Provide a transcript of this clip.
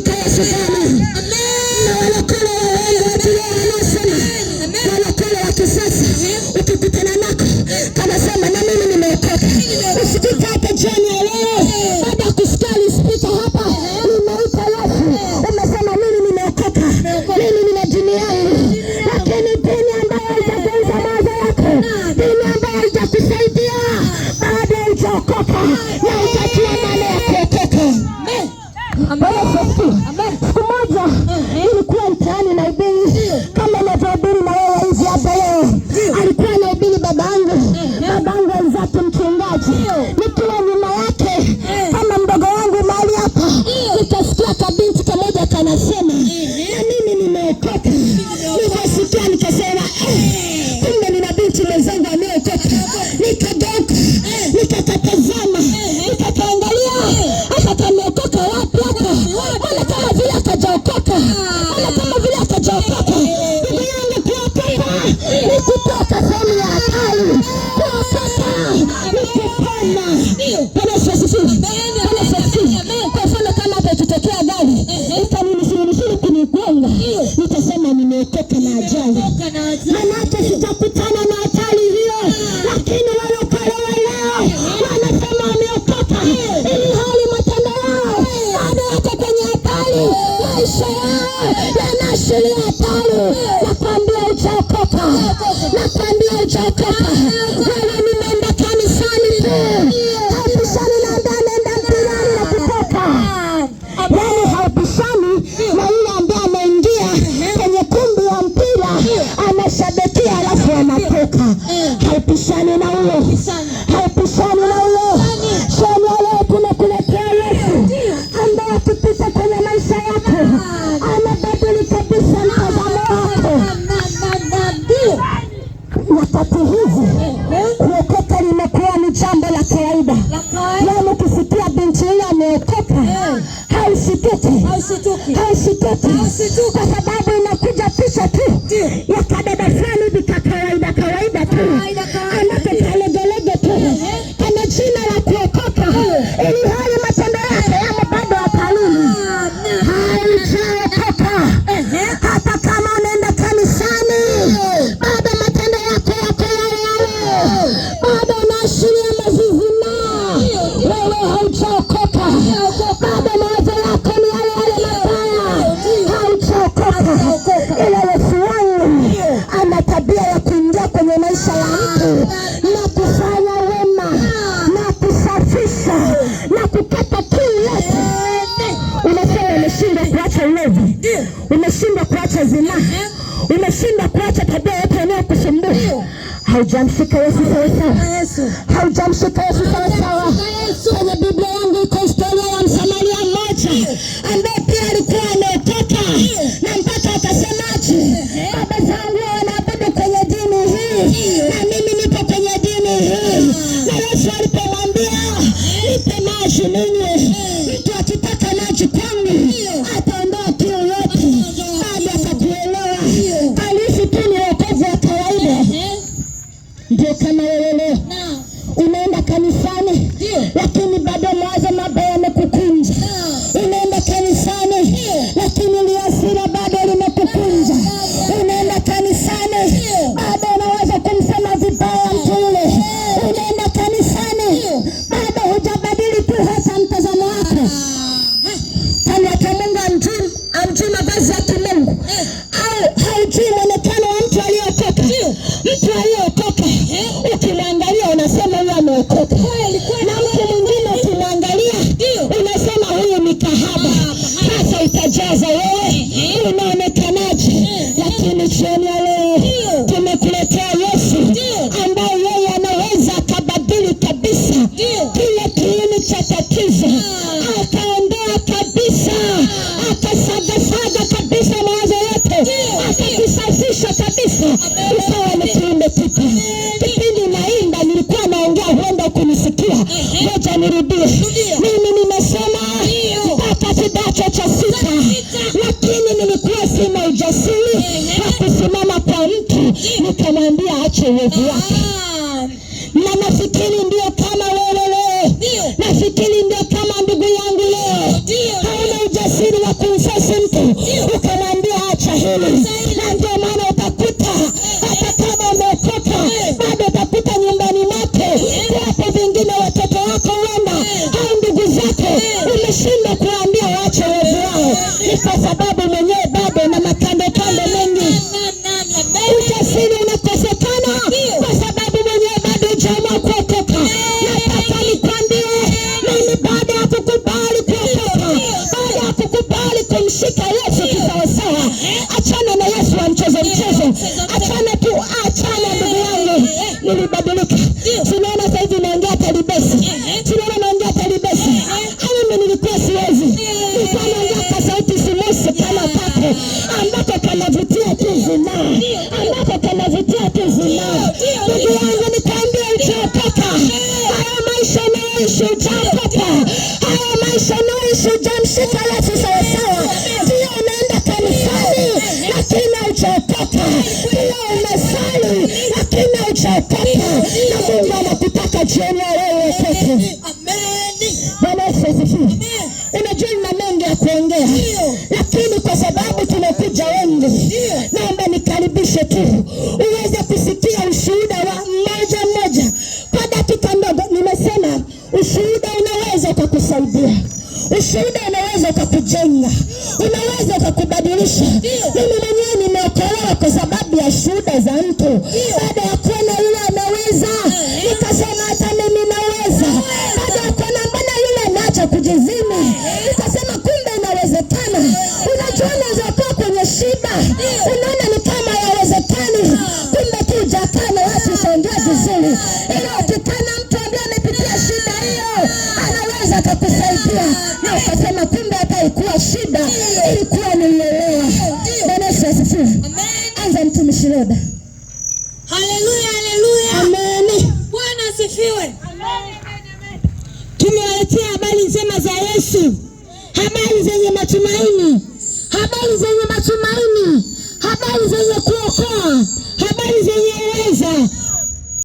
katika Yesu damu na walokole wawele Biblia anasema walokole wa kisasa ukipitana nako kanasema na mimi nimeokoka. Usikika hapa jioni ya leo baada ya kusikia alispika hapa, nimeita Yesu, umesema mimi nimeokoka, mimi nina dini yangu, lakini dini ambayo haijageuza mawazo yako, dini ambayo haijakusaidia baada ya ujaokoka kufunga, nitasema nimeokoka na ajali, manake sitakutana na ajali hiyo. Ah. Lakini wale waliokolewa leo wanasema wameokoka, eh. ili hali matendo yao bado yako kwenye hatari, maisha yao yanaashiria hatari. Nakwambia ujaokoka, nakwambia ujaokoka. haisitiki kwa sababu inakuja picha tu ya kadada fulani hivi ka kawaida kawaida tu, anakekalegelege tu kana jina la kuokoka, ili hali matendo yake yamo bado Hata kama unaenda kanisani, bado matendo yako yako yale yale, bado unaashiria wewe haujamshika Yesu sawasawa, haujamshika Ndio kama wewe leo unaenda kanisani lakini bado mawazo mabaya yamekukunja. Unaenda kanisani lakini liasira bado limekukunja. Unaenda kanisani bado unaweza kumsema vibaya mtu yule. Unaenda kanisani bado hujabadili tu hata mtazamo wako. Kana ah. kwa Mungu amjui, amjui mavazi ya kimungu eh. au haujui mwonekano wa mtu aliyotoka, mtu aliyotoka tumekuletea Yesu ambaye yeye anaweza akabadili kabisa kile kiini cha tatizo, ah. akaondoa kabisa, ah. akasagasaga kabisa mawazo yote, akakusafisha kabisa, ukawa ni kiumbe kipya. Kipindi naimba nilikuwa naongea, huenda kunisikia, ngoja nirudie. Mimi nimesoma mpaka kidato cha sita, lakini nilikuwa sina ujasiri nikamwambia ache uovu wake, na nafikiri ndio kama wewe leo, nafikiri ndio kama ndugu yangu leo, hauna ujasiri wa kumfesi mtu ukamwambia acha hili, na ndio maana utakuta hata kama umeokoka bado utakuta nyumbani mwake wapo vingine watoto wako wenda au ndugu zako, umeshindwa kuwaambia waache uovu wao, ni kwa sababu mwenyewe bado na makandokando mengi bali kumshika Yesu kisawasawa. Achana na Yesu wa mchezo mchezo, achana tu, achana ndugu yangu. Nilibadilika, tunaona sasa hivi naongea talibesi, tunaona naongea talibesi. Mimi nilikuwa siwezi, nilikuwa naongea kwa sauti simusi kama papo ambako kanavutia tu zinaa, ambako kanavutia tu zinaa. Ndugu yangu, nikaambia utaokoka. Haya maisha unayoishi utaokoka, haya maisha unayoishi utamshika Yesu jioni ya leo watoto. Bwana Yesu asifiwe. Unajua nina mengi ya kuongea, lakini kwa sababu tumekuja wengi, naomba nikaribishe tu uweze kusikia ushuhuda wa mmoja mmoja kwa dakika ndogo. Nimesema ushuhuda unaweza ukakusaidia ushuhuda unaweza ukakujenga, unaweza ukakubadilisha. Mimi mwenyewe nimeokolewa kwa sababu ya shuhuda za mtu, baada ya kuona yule ameweza leo anaweza akakusaidia na ukasema, kumbe hata ikuwa shida ilikuwa nielewa. Bwana Yesu asifiwe. Anza mtumishi Roda. Haleluya, haleluya, amen. Bwana asifiwe. Tumewaletea habari njema za Yesu, habari zenye matumaini, habari zenye matumaini, habari zenye kuokoa, habari zenye uweza